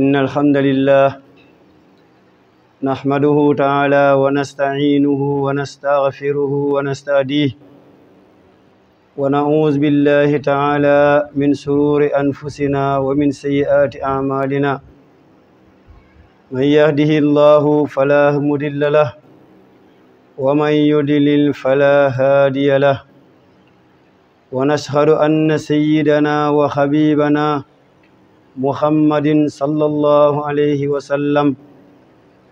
إن الحمد لله نحمده تعالى ونستعينه ونستغفره ونستهديه ونعوذ بالله تعالى من سرور أنفسنا ومن سيئات أعمالنا من يهده الله فلا مضل له ومن يضلل فلا هادي له ونشهد أن سيدنا وحبيبنا محمد صلى الله عليه وسلم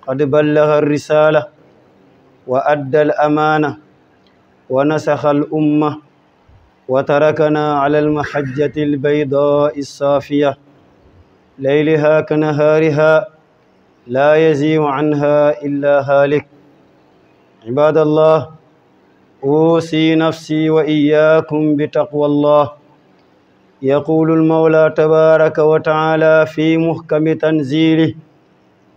قد بلغ الرسالة وأدى الأمانة ونسخ الأمة وتركنا على المحجة البيضاء الصافية ليلها كنهارها لا يزيغ عنها إلا هالك عباد الله أوصي نفسي وإياكم بتقوى الله يقول المولى تبارك وتعالى في محكم تنزيله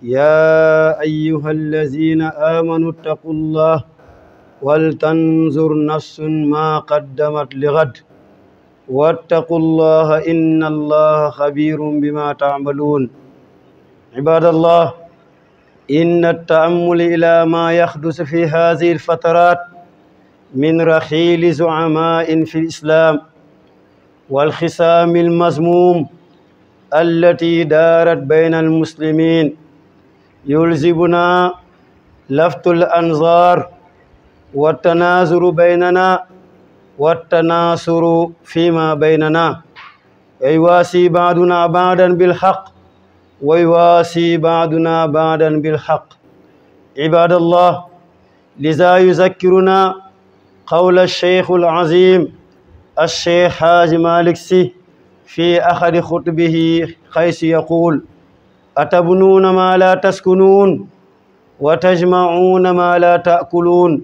يا أيها الذين آمنوا اتقوا الله ولتنظر نفس ما قدمت لغد واتقوا الله إن الله خبير بما تعملون عباد الله إن التأمل إلى ما يحدث في هذه الفترات من رحيل زعماء في الإسلام والخصام المذموم التي دارت بين المسلمين يلزمنا لفت الأنظار والتناظر بيننا والتناصر فيما بيننا يواسي بعضنا بعضا بالحق ويواسي بعضنا بعضا بالحق عباد الله لذا يذكرنا قول الشيخ العظيم الشيخ حاج مالك سي في أخر خطبه حيث يقول أتبنون ما لا تسكنون وتجمعون ما لا تأكلون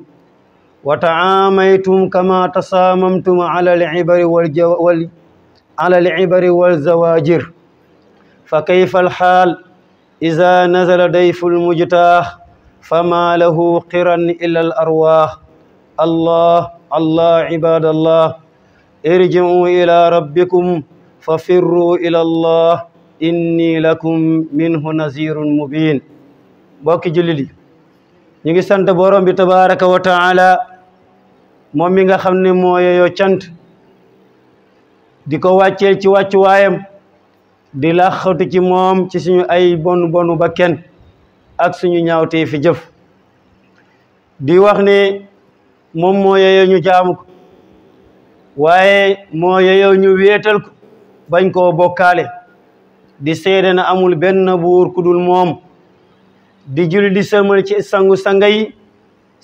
وتعاميتم كما تصاممتم على العبر والجو... وال... على العبر والزواجر فكيف الحال إذا نزل ضيف المجتاح فما له قرن إلا الأرواح الله الله عباد الله irji'u ila rabbikum fafirru ila allah inni lakum minhu nazirun mubin mbokki jullit ñu ngi sant boroom bi tabaraka wa taala moom mi nga xam ni moo yeyoo cant di ko wàccee ci wàccuwaayam di laxatu ci moom ci suñu ay bon bonu ba kenn ak suñu ñaawtee fi jëf di wax ne moom moo yeyoo ñu jaamu waaye moo yeyoo ñu wéetal ko bañ koo bokkaale di seede na amul benn buur ku dul moom di julli di sëlmal ci sangu sangay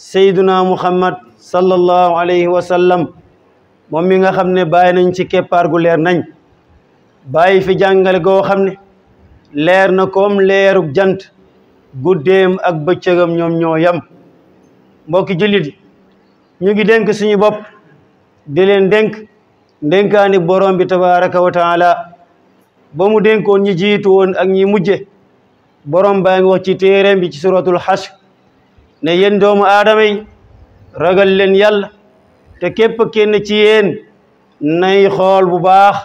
sayduna muhammad sallallahu alayhi wa sallam moom mi nga xam ne bàyyi nañ ci keppaar gu leer nañ bàyyi fi jàngale goo xam ne leer na koom leerug jant guddeem ak bëccëgam ñoom ñoo yam mbokki jullit ñu ngi dénk suñu bopp di leen dénk ndénkaani borom bi tabaraka wa la ba mu dénkoon ñi jiitu woon ak ñi mujje borom baa ngi wax ci téeréem bi ci suratul xasr ne yéen doomu aadama yi ragal leen yàlla te képp kenn ci yéen nay xool bu baax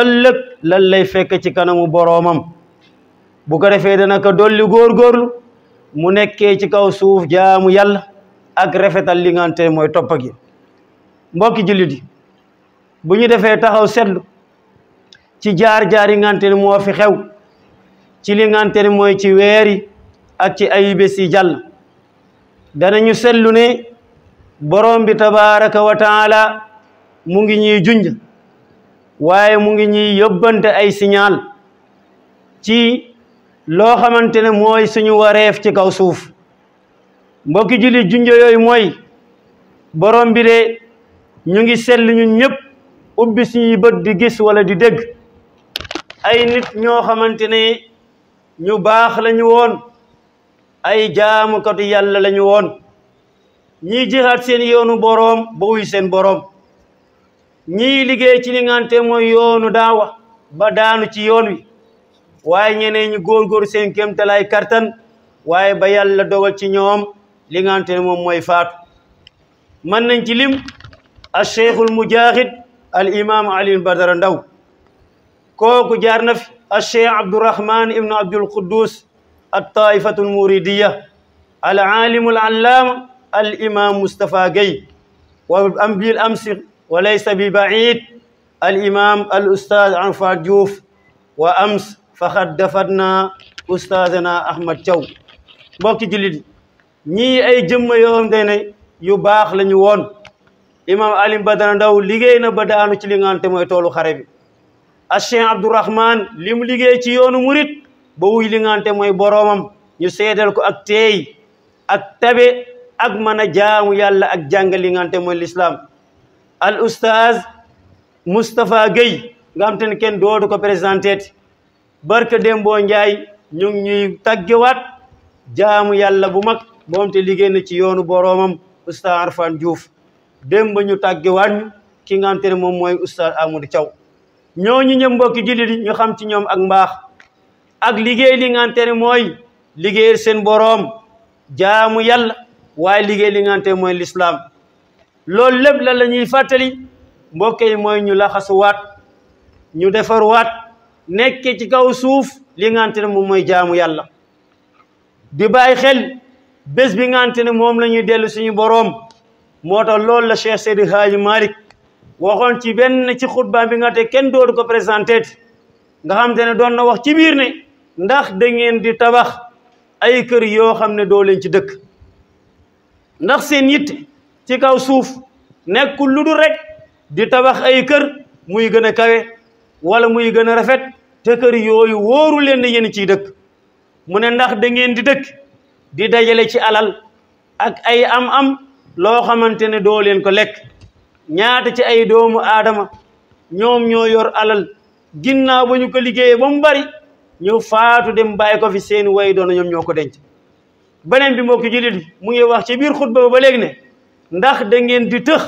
ëllëg lan lay fekk ci kanamu boroomam bu ko defee dana ko dolli góorgóorlu mu nekkee ci kaw suuf jaamu yàlla ak rafetal li ngante mooy topp gi mbokki jullit yi bu ñu defee taxaw seetlu ci jaar jaari yi ngante ni moo fi xew ci li ngante ni mooy ci weer yi ak ci ayubés yi jàll danañu seetlu ne borom bi tabaraka wa mu ngi ñuy junj waaye mu ngi ñuy yóbbante ay siñaal ci loo xamante ne mooy suñu wareef ci kaw suuf mbokki julli junj yooyu mooy borom bi de ñu ngi seetlu ñu ñëpp ubbi suñuy bët di gis wala di dégg ay nit ñoo xamante ne ñu baax lañu woon ay jaamukatu yàlla lañu woon ñii jihaat seen yoonu boroom ba wuy seen boroom ñii liggéey ci li ngante mooy yoonu daawa ba daanu ci yoon wi waaye ñeneen ñu góorgóor seen kéemtalaay kartan waaye ba yàlla dogal ci ñoom li ngante moom mooy faatu mën nañ ci lim al cheikhul mujahid al imam Alioune Badara Ndao kooku jaar na fi al cheikh Abdourahman ibn Abdul Quddus al taifatul muridiya al alimul allaama al imam Moustapha Guèye wa am bil amsi wa laysa bi baid al imam al ustaz Anfa Diouf wa ams faxat dafatna ustazana Ahmad Thiaw mbokki jullit ñii ay jëmm yoo xam ne yu baax la ñu woon imam Alioune Badara Ndao liggéey na ba ci lingante nga mooy toolu xare bi a Cheikh Abdourahman li liggéey ci yoonu murit ba wuy li nga mooy boroomam ñu seedal ko ak teey ak tabe ak mana jaamu yàlla ak jàngal li nga lislaam al oustaz Moustapha Gueye nga xamante ne doodu ko présenté barke Dembo Ndiaye ñu ngi ñuy tàggewaat jaamu yàlla bu mag moom te liggéey na ci yoonu boroomam oustaz Arfan Diouf démb ñu tàggewaat ki nga xamante moom mooy oustaz Amadou Thiaw ñooñu ñëpp mbokki jullit yi ñu xam ci ñoom ak mbaax ak liggéey li nga xamante mooy liggéeyal seen boroom jaamu yàlla waaye liggéey li mooy lislaam loolu lépp la la ñuy fàttali mbokk mooy ñu laxasuwaat ñu defar defarwaat nekk ci kaw suuf li nga xamante moom mooy jaamu yàlla di bàyyi xel bés bi nga xamante ne moom la ñuy dellu suñu boroom moo tax loolu la Cheikh Seydi Hadji Malick waxoon ci benn ci xutba bi nga te kenn dootu ko présenté nga xam te ne doon na wax ci biir ne ndax da ngeen di tabax ay kër yoo xam ne doo leen ci dëkk ndax seen yitt ci kaw suuf nekkul lu dul rek di tabax ay kër muy gën a kawe wala muy gën a rafet te kër yooyu wóoru leen yéen ciy dëkk mu ne ndax da di dëkk di dajale ci alal ak ay am-am loo xamante ne doo leen ko lekk ñaata ci ay doomu aadama ñoom ñoo yor alal ginnaaw ba ñu ko liggéeyee ba mu bari ñu faatu dem bàyyi ko fi seeni way doona ñoom ñoo ko denc beneen bi moo mbokki jullit mu ngi wax ci biir xutba ba léegi ne ndax da ngeen di tëx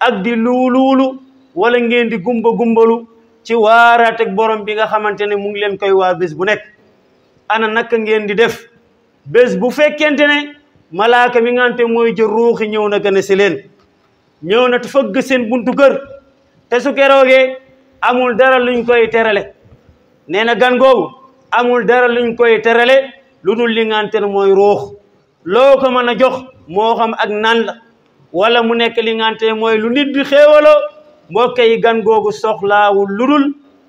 ak di luuluulu wala ngeen di gumba gumbalu ci waaraate ak borom bi nga xamante ne mu ngi leen koy waa bés bu nekk ana naka ngeen di def bés bu fekkente ne malaaka mi ngante mooy jë ruuxi ñëw na gën a si leen ñëw na te fëgg seen buntu kër te su keroogee amul dara luñ koy terale nee na gan googu amul dara luñ koy terale lu dul li ngante mooy ruux loo ko mën a jox moo xam ak nan la wala mu nekk li ngante mooy lu nit di xéewaloo mbokk yi gan googu soxlaawul lu dul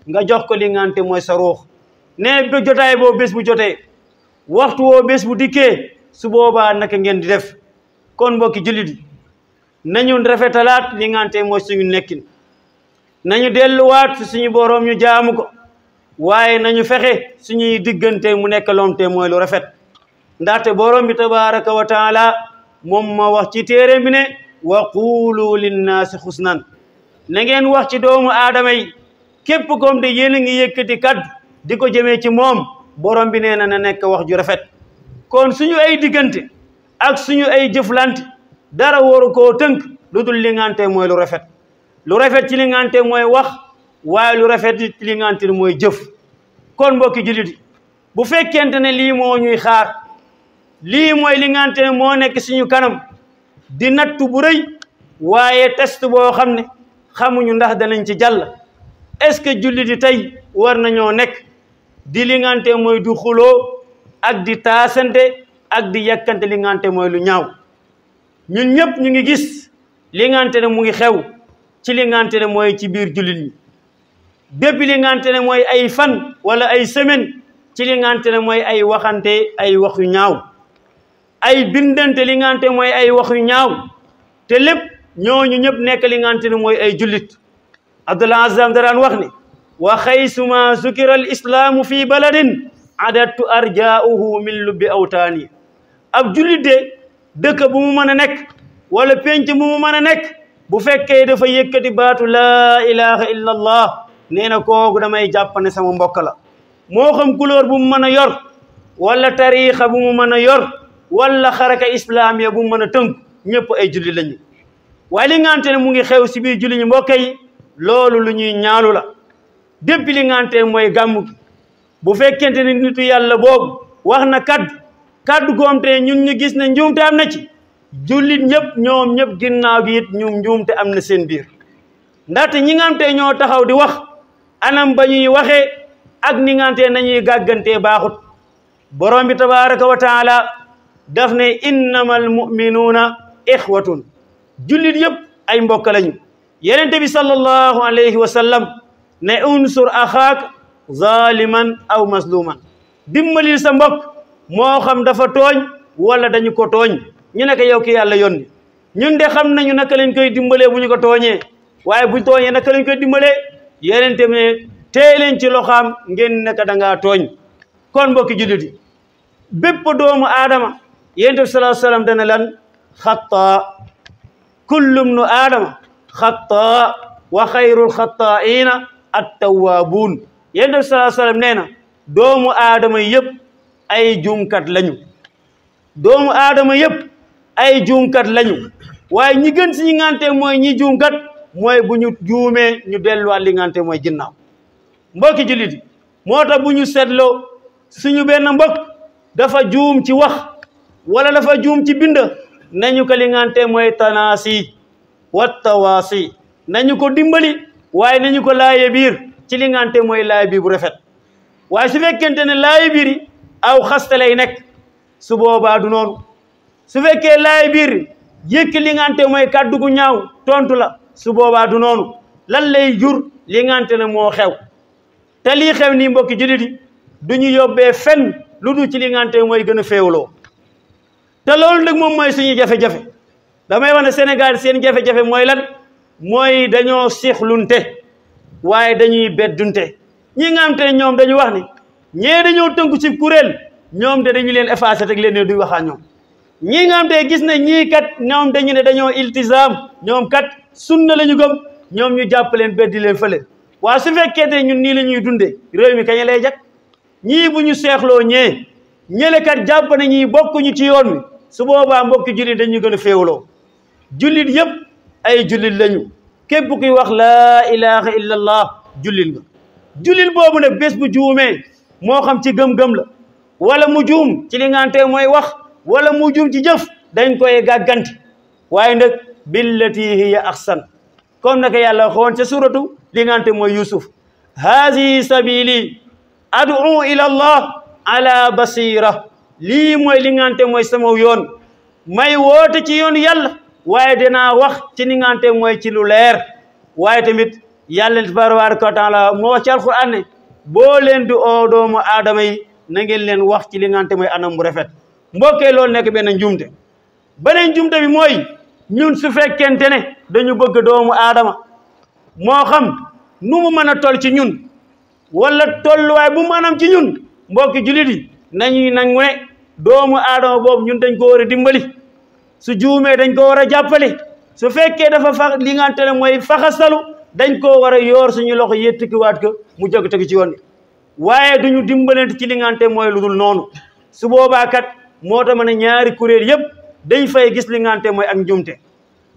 nga jox ko li ngante mooy sa ruux nee ba jotaay boo bés bu jotee waxtu woo bés bu dikkee su boobaa naka ngeen di def kon mbokki jullit yi nañu rafetalaat li nga xamante mooy suñu nekkin nañu delluwaat suñu boroom ñu jaamu ko waaye nañu fexe suñuy diggante mu nekk lomte mooy lu rafet ndaxte boroom bi tabaraka wa taala moom ma wax ci téere bi ne wa quulu linnaasi xusnan na ngeen wax ci doomu aadama yi képp koom de yéen a ngi yëkkati kaddu di ko jëmee ci moom borom bi nee na na nekk wax ju rafet kon suñu ay diggante ak suñu ay jëflante dara waru koo tënk lu dul lingante ngante mooy lu rafet lu rafet ci li mooy wax waaye lu rafet ci li mooy jëf kon mbokki jullit bu fekkente ne lii moo ñuy xaar lii mooy li moo nekk suñu kanam di nattu bu rëy waaye test boo xam ne xamuñu ndax danañ ci jàll est-ce que jullit yi tey war nañoo nekk di li mooy du xuloo ak di taasante ak di yàkkante li ngante mooy lu ñaaw ñu ñëpp ñu ngi gis li ngante ne mu ngi xew ci li mooy ci biir jullit ñi bépp li ngante ne mooy ay fan wala ay semaine ci li ngante ne mooy ay waxante ay wax yu ñaaw ay bindante li ngante mooy ay wax yu ñaaw te lépp ñooñu ñëpp nekk li ngante ne mooy ay jullit abdullah azam daraan wax ni wa xaysuma zukira al islaamu fi baladin adatu arjauhu min lubbi awtaani ab jullit de dëkk bu mu mën a nekk wala penc bu mu mën a nekk bu fekkee dafa yëkkati baatu laa ilaha illa allah nee na kooku damay jàpp ne sama mbokk la moo xam couleur bu mu mën a yor walla tariixa bu mu mën a yor wala xaraka islaamiya bu mu mën a tënk ñëpp ay julli lañu waaye li ne mu ngi xew si biir julli ñu mbokk loolu lu ñuy ñaalu la depuis li ngante mooy gàmmu ki bu fekkente ni nitu yàlla boobu wax na kaddu kaddu goom te ñun ñu gis na njuumte am na ci jullit ñëpp ñoom ñëpp ginnaaw gi it ñum njuumte am na seen biir ndaxte ñi nga ñoo taxaw di wax anam ba ñuy waxee ak ni nga xam te nañuy gàggantee baaxut borom bi tabaraka wa taala daf ne innamal muminuuna ixwatun jullit yëpp ay mbokk lañu yenente bi sallallahu alayhi wa sallam ne axaak zaliman aw masluman dimbalil sa mbokk moo xam dafa tooñ wala dañu ko tooñ ñu ne ko yow ki yàlla yónni ñun de xam nañu naka lañ koy dimbalee bu ñu ko tooñee waaye bu tooñee naka lañ koy dimbalee yeneen tamit ne tey leen ci loxaam ngeen nekk da tooñ kon mbokki jullit yi bépp doomu aadama yéen bi sallallahu alayhi wasallam dana lan xataa kullum nu aadama xataa wa xayrul xataaina at tawaabuun yenn bi sallallahu nee na doomu aadama yëpp ay juumkat lañu doomu aadama yëpp ay juumkat lañu waaye ñi gën si ñi ngante mooy ñi juumkat mooy bu ñu juumee ñu delluwaat li ngante mooy ginnaaw mbokki jullit yi moo tax bu ñu seetloo suñu benn mbokk dafa juum ci wax wala dafa juum ci bind nañu ko li ngante mooy tanaasi wa tawaasi nañu ko dimbali waaye nañu ko laaye biir ci li ngante mooy laay bi bu rafet waaye su fekkente ne laay biir aw xaste lay nekk su boobaa du noonu su fekkee laay biir yëkk li ngante mooy kàddu gu ñaaw tontu la su boobaa du noonu lan lay jur li ngante ne moo xew te lii xew nii mbokki jullit yi du ñu yóbbee fenn lu du ci li ngante mooy gën a féewloo te loolu nag moom mooy suñu jafe-jafe damay wax ne Sénégal seen jafe-jafe mooy lan mooy dañoo sixlunte waaye dañuy beddunte ñi nga ne ñoom dañu wax ni ñee dañoo tënku ci kuréel ñoom de dañu leen effacé rek leen ne duñ waxaa ñoom ñii nga gis ne ñii kat ñoom dañu ne dañoo iltisaam ñoom kat sunna lañu gëm ñoom ñu jàpp leen beddi leen fële waa su fekkee te ñun nii lañuy ñuy dundee réew mi kañ la jag ñii bu ñu seexloo ñee ñële kat jàpp na ñii bokkuñu ci yoon wi su boobaa mbokki jullit dañu gën a féewaloo jullit yëpp ay julit lañu képp kuy wax la ilaha illa allah jullil nga jullil boobu nag bés bu juumee moo xam ci gëm-gëm la wala mu juum ci li ngante mooy wax wala mu juum ci jëf dañ koy gàgganti waaye nag billati hiya ahsan comme naka yàlla xoon ca suratu li ngante mooy yusuf haadihi sabili ad'u ila allah ala lii mooy li ngante mooy sama yoon may woote ci yoon yàlla waaye dinaa wax ci ni mooy ci lu leer waaye tamit yàlla tabaaraka wa taala moo wax ci alquran ne boo leen di oo doomu aadama yi na ngeen leen wax ci li mooy anam mu rafet mbokkee lool nekk benn njumte beneen njumte bi mooy ñun su fekkente ne dañu bëgg doomu aadama moo xam nu mu mën a toll ci ñun wala tolluwaay bu maanaam ci ñun mbokki julit nañu nañuy nangu ne doomu aadama boobu ñun dañ ko war a dimbali su juumee dañ koo war a jàppale su fekkee dafa fa li nga xamante ne mooy faxasalu dañ koo war a yoor suñu loxo yéttikiwaat ko mu jóg tegu ci yoon bi waaye duñu dimbalante ci li nga xamante mooy lu dul noonu su boobaa kat moo tax ma ne ñaari kuréel yëpp dañ fay gis li mooy ak njuumte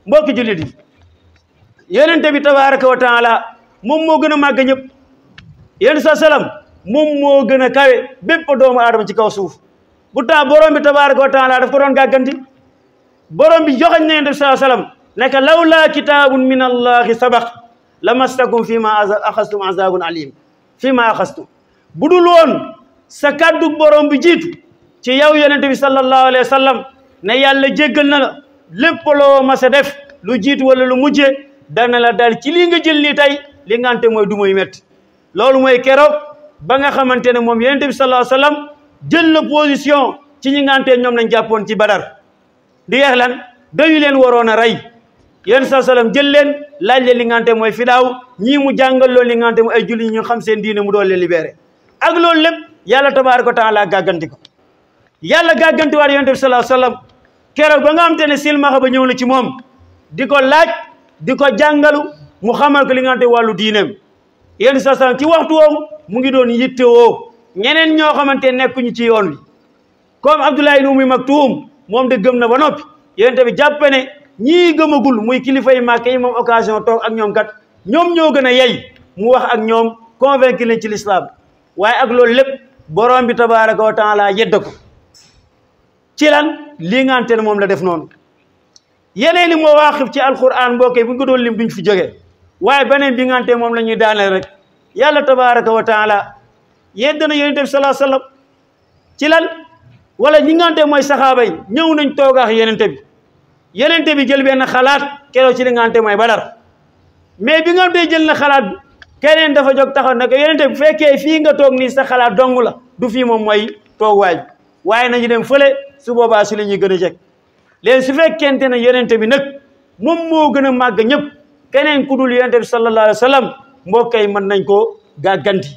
mbokki jullit yi yonente bi tabaraka wa taala moom moo gën a màgg ñëpp yéen sa salam moom moo gën a kawe bépp doomu aadama ci kaw suuf pourtant borom bi tabaraka wa taala daf ko doon gàgganti borom bi joxañ na yonent bi sallallahu alayhi wa sallam nekk lawlaa kitaabun min allahi sabaq la mastakum fi ma axastum azabun alim fi ma axastum bu dul woon sa kàddu borom bi jiitu ci yow yonent bi sallallahu alayhi wa sallam ne yàlla jéggal na la lépp loo mas def lu jiitu wala lu mujje dana la dal ci lii nga jël nii tey li nga mooy du muy métti loolu mooy keroog ba nga xamante ne moom yonent bi sallallahu alayhi wa sallam jël na position ci ñi nga ñoom lañ jàppoon ci badar di yeex lan dañu leen waroon a rey yéen sa salam jël leen laaj leen li ngante mooy fidaaw ñii mu jàngal loolu li ngante mooy ay julli ñu xam seen diine mu doon le libéré ak loolu lépp yàlla tabaaraka wa taala gàgganti ko yàlla gàgganti waat yonent bi sallallahu alayhi keroog ba nga xam te ne silmaxa ba ñëw na ci moom di ko laaj di ko jàngalu mu xamal ko li ngante wàllu diineem yéen sa salam ci waxtu woowu mu ngi doon yittewoo ñeneen ñoo xamante nekkuñu ci yoon wi comme moom de gëm na ba nopp yonent bi jàpp ne ñii gëmagul muy kilifa yi màkk yi moom occasion toog ak ñoom kat ñoom ñoo gën a yey mu wax ak ñoom convaincre leen ci lislaam waaye ak loolu lépp borom bi tabaraka wa taala yedda ko ci moom la def noonu yeneen li moo waaxif ci alquran mbokkee bu ko doon lim duñ fi jógee waaye beneen bi moom la ñuy rek yàlla tabaraka wa taala yedd ci lan wala ñu nga xamante mooy saxaaba yi ñëw nañ toog yenente bi yenente bi jël benn xalaat keroog ci li nga xamante mais bi nga xamante jël na xalaat keneen dafa jóg taxaw ne ko yenente bi fekkee fii nga toog nii sa xalaat dong la du fii moom mooy tooguwaay bi waaye nañu dem fële su boobaa su la ñuy gën a jeg léegi su fekkente ne yenente bi nag moom moo gën a màgg ñëpp keneen ku dul yenente bi sallallahu wa sallam mbokk yi mën nañ ko gàgganti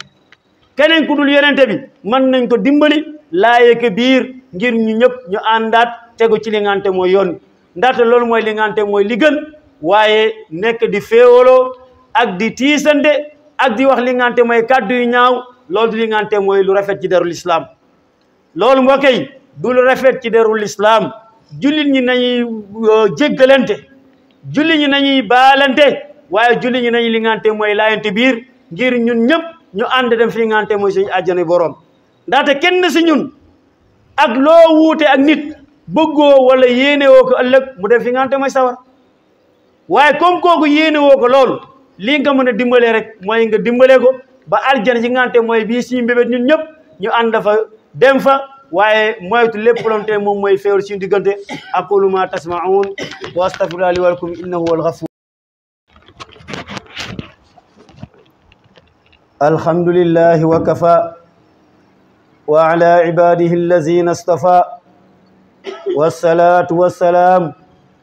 keneen ku dul yenente bi mën nañ ko dimbali laayeke biir ngir ñu ñëpp ñu àndaat tegu ci linganté mooy yoon ndaxte loolu mooy li mooy li gën waaye nekk di féewaloo ak di tiisande ak di wax li mooy kàddu yu ñaaw loolu di li mooy lu rafet ci derul islaam loolu mbokk yi du lu rafet ci derul lislaam jullit ñi nañu euh, jéggalante jullit ñi nañuy baalante waaye jullit ñi nañuy li mooy laayante biir ngir ñun ñëpp ñu ànd dem fi li ngante mooy suñu àjjana borom ndaxte kenn si ñun ak loo wuute ak nit bëggoo wala yéenewoo ko ëllëg mu def fi nga xam te sawar waaye comme kooku woo ko loolu lii nga mën a dimbalee rek mooy nga dimbalee ko ba aljana ci nga xam te mooy bii suñu mbébét ñun ñëpp ñu ànd fa dem fa waaye moytu lépp loo xamante moom mooy feewul suñu diggante aqulu ma tasmaun wa astaghfirullah li wa lakum innahu wal ghafur wa kafa وعلى عباده الذين اصطفى والصلاة والسلام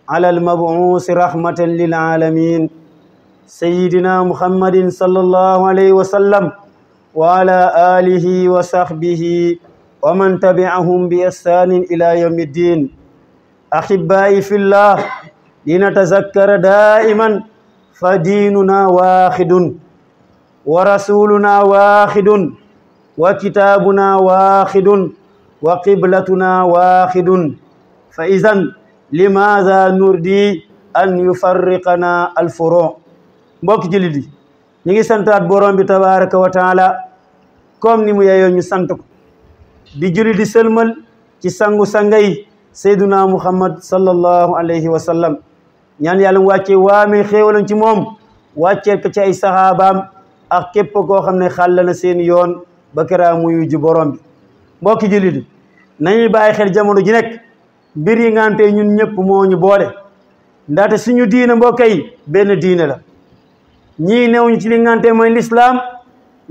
على المبعوث رحمة للعالمين سيدنا محمد صلى الله عليه وسلم وعلى آله وصحبه ومن تبعهم بإحسان إلى يوم الدين أحبائي في الله لنتذكر دائما فديننا واحد ورسولنا واحد wa kitaabuna waaxidun wa qiblatuna waaxidun fa izan limaada nurdi an yufarriqana alfuro mbokk jullit yi ñu ngi santaat borom bi tabaraka wa taala comme ni mu yeyoo ñu ko di julli di ci sangu sangay sayduna muhammad sallallahu alayhi wa sallam ñaan yàlla mu wàccee waamee xéewalam ci moom wàccee ko ci ay saxaabaam ak képp koo xam ne xàll na seen yoon ba keraa muyu ji borom bi mbokki jullit yi nañuy bàyyi xel jamono ji nekk mbir yi ngante ñun ñëpp moo ñu boole ndaxte suñu diine mbokk yi benn diine la ñii newuñ ci li ngante mooy lislaam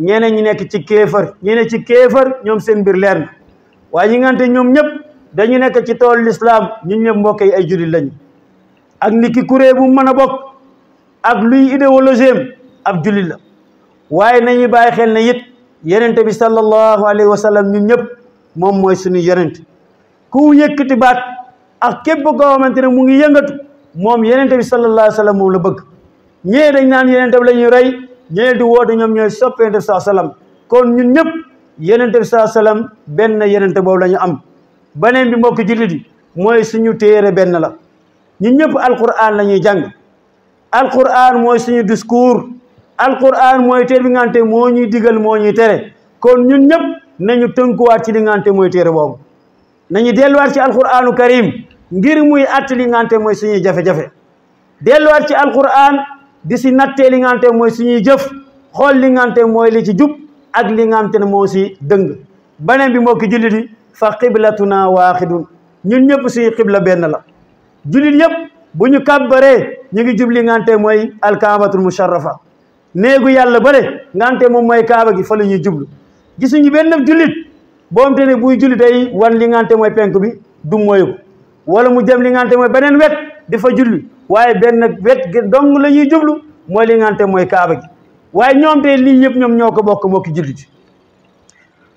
ñeneen ñi nekk ci kéefër ñi ne ci kéefër ñoom seen mbir leer na waaye ñi ngante ñoom ñëpp dañu nekk ci tool lislaam ñu ñëpp mbokk yi ay jullit lañu ak nit ki kuréel bu mën a bokk ak luy idéologie am ab jullit la waaye nañuy bàyyi xel na it yonent bi sallallahu alayhi wa sallam ñun ñëpp moom mooy suñu yonent ku yëkkati baat ak képp koo xamante ne mu ngi yëngatu moom yonent bi sallallahu alayhi wa sallam moom la bëgg ñee dañ naan yonent bi la rey ñee di woote ñoom ñooy sopp yonent bi sallallahu alayhi kon ñun ñëpp yonent bi sallallahu alayhi benn yonent boobu lañu ñu am beneen bi mbokk jullit yi mooy suñu téere benn la ñu ñëpp alquran la ñuy jàng alquran mooy suñu discours alquran mooy téere bi nga moo ñuy digal moo ñuy tere kon ñun ñëpp nañu tënkuwaat ci li nga mooy téere boobu nañu delluwaat ci alquranu karim ngir muy att mooy suñuy jafe delluwaat ci alquran di si nattee li nga xamante mooy suñuy jëf xool li nga mooy li ci jub ak li nga moo si dëng beneen bi mbokki jullit yi fa naa waaxidun ñun ñëpp si xibla benn la jullit yëpp bu ñu kàbbaree ñu ngi jub li nga xamante mooy alkaabatul musharrafa néegu yàlla bare ngante moom mooy kaaba gi fa la ñuy jublu gisuñu benn jullit boom te ne buy julli day wan li ngante mooy penk bi du mooyu ko wala mu jëm li ngante mooy beneen wet di fa julli waaye benn wet dong la ñuy jublu mooy li ngante mooy kaaba gi waaye ñoom te lii yëpp ñoom ñoo ko bokk mbokki jullit yi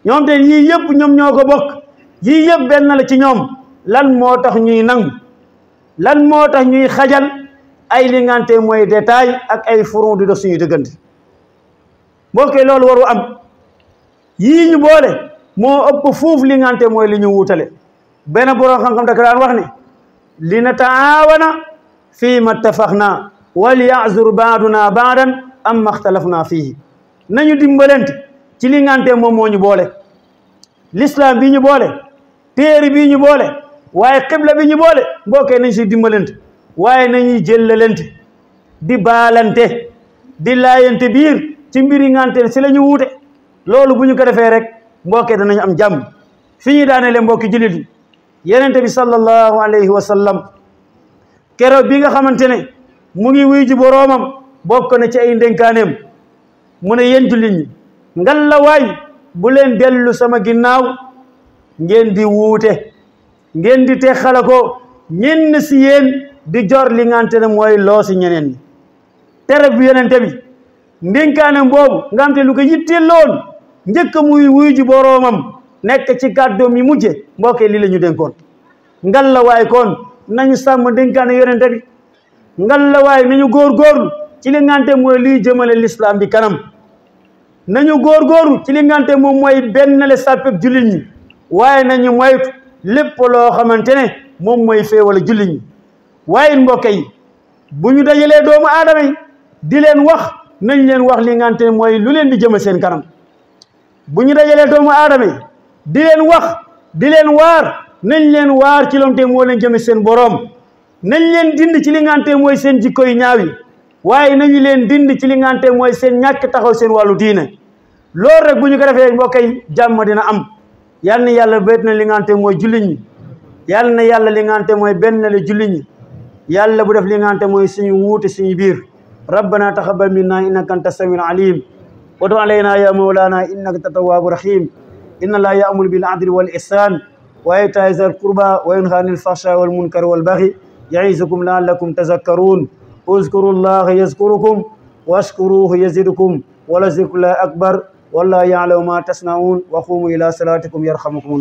ñoom te yii yëpp ñoo ko bokk yii yëpp benn la ci ñoom lan moo tax ñuy nangu lan moo tax ñuy xajal ay li ngante mooy détail ak ay furon di dox suñu dëggante mbokk loolu waru am yii ñu boole moo ëpp fuuf li ngante mooy li ñu wuutale benn borom xam-xam daka daan wax ne li na taawana fii ma tafaxnaa wal yaazur baaduna baadan am maxtalafnaa fii nañu dimbalante ci li ngante moom moo ñu boole l'islam bi ñu boole téere bi ñu boole waaye xibla bi ñu boole mbokkee nañ si dimbalante waaye nañuy jëllalante di baalante di laayante biir ci mbiri nganteel si la wuute loolu bu ñu ko defee rek mbokkee danañu am jàmm fi ñu daanelee mbokki jullit yi yenente bi sallallahu alayhi wa sallam keroog bi nga xamante ne mu ngi wuy ji boroomam bokk na ci ay ndénkaaneem mu ne yéen jullit ñi ngan la waay bu leen dellu sama ginnaaw ngeen di wuute ngeen di texala ko ñenn si yéen di jor li ngante xamante ne mooy loosi ñeneen ñi tere bu yenente bi ndénkaane boobu nga xamante lu ko yitteeloon njëkk muy wuy ji boroomam nekk ci kàddoom yi mujje mbokk lii lañu ñu dénkoon ngal la waay nañu sàmm dénkaane yonente bi ngal la waay góor góorgóorlu ci li nga xamante mooy liy jëmale lislaam bi kanam nañu góorgóorlu ci li nga moom mooy benn le sàppeb jullit ñi waaye nañu moytu lépp loo xamante ne moom mooy féewale jullit ñi waaye mbokk yi bu ñu dajalee doomu aadama yi di leen wax nañ leen wax li mooy lu leen di jëma seen kanam bu ñu dajalee doomu aadama yi di leen wax di leen waar nañ leen waar ci lomte moo leen jëme seen boroom nañ leen dind ci li ngante mooy seen jikko yi ñaaw yi waaye nañu leen dind ci li mooy seen ñàkk taxaw seen wàllu diine loolu rek bu ñu ko defee mbokk yi jàmm dina am yal na yàlla bet na li mooy jullit ñi yal na yàlla li ngante mooy benn la jullit ñi yàlla bu def li nga xam te mooy suñu wuute suñu biir rabbana taxabal minna innaka anta samiul alim wa tub alayna ya mawlana innaka tatawabu rahim inna laa yaamul bil adli wal ihsan wa itaai zal qurba wa yanha anil fahsha wal munkar wal baghi yaizukum laallakum tazakkaruun uzkuru llaha yazkurukum washkuruhu yazidukum wa lazikrullahi akbar wallahu yaalamu ma tasnaun wa qumu ila salatikum yarhamukum